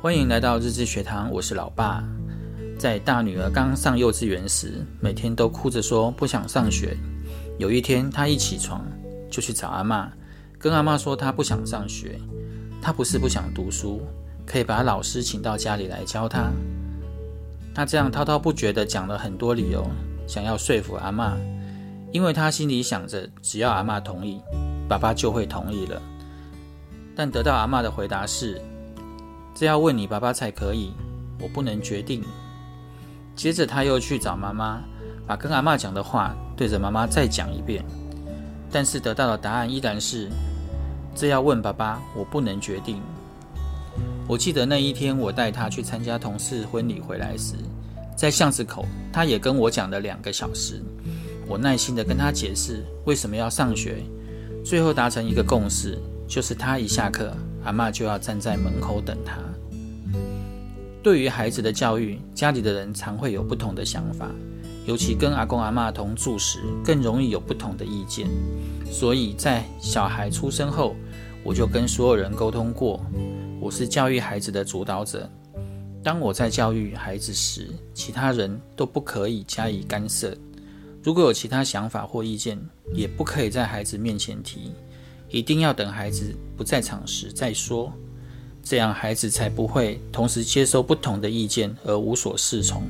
歡迎來到日誌學堂，我是老爸。在大女兒剛上幼稚園時，每天都哭着說不想上學。有一天，她一起床就去找阿嬤，跟阿嬤說她不想上學。她不是不想讀書，可以把老師請到家裡來教她。她這樣滔滔不絕地講了很多理由，想要說服阿嬤，因為她心裡想着，只要阿嬤同意，爸爸就會同意了。但得到阿嬤的回答是，這要問你爸爸才可以，我不能決定。接着他又去找媽媽，把跟阿嬤講的話對着媽媽再講一遍，但是得到的答案依然是，這要問爸爸，我不能決定。我記得那一天，我帶他去參加同事婚禮回來時，在巷子口，他也跟我講了兩個小時。我耐心的跟他解釋為什麼要上學，最後達成一個共識，就是他一下課。阿媽就要站在門口等他。對於孩子的教育，家裡的人常會有不同的想法，尤其跟阿公阿媽同住時，更容易有不同的意見。所以在小孩出生後，我就跟所有人溝通過，我是教育孩子的主導者。當我在教育孩子時，其他人都不可以加以干涉。如果有其他想法或意見，也不可以在孩子面前提。一定要等孩子不在場時再說，這樣孩子才不會同時接收不同的意見而無所適從。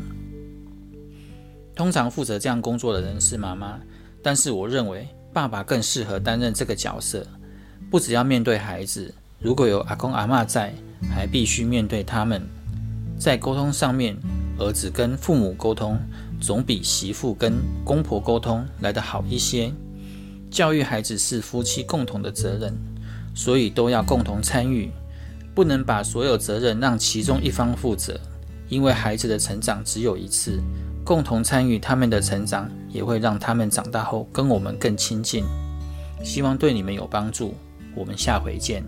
通常負責這樣工作的人是媽媽，但是我認為爸爸更適合擔任這個角色。不只要面對孩子，如果有阿公阿媽在，還必須面對他們。在溝通上面，兒子跟父母溝通總比媳婦跟公婆溝通來得好一些。教育孩子是夫妻共同的責任，所以都要共同參與，不能把所有責任讓其中一方負責，因為孩子的成長只有一次，共同參與他們的成長，也會讓他們長大後跟我們更親近。希望對你們有幫助，我們下回見。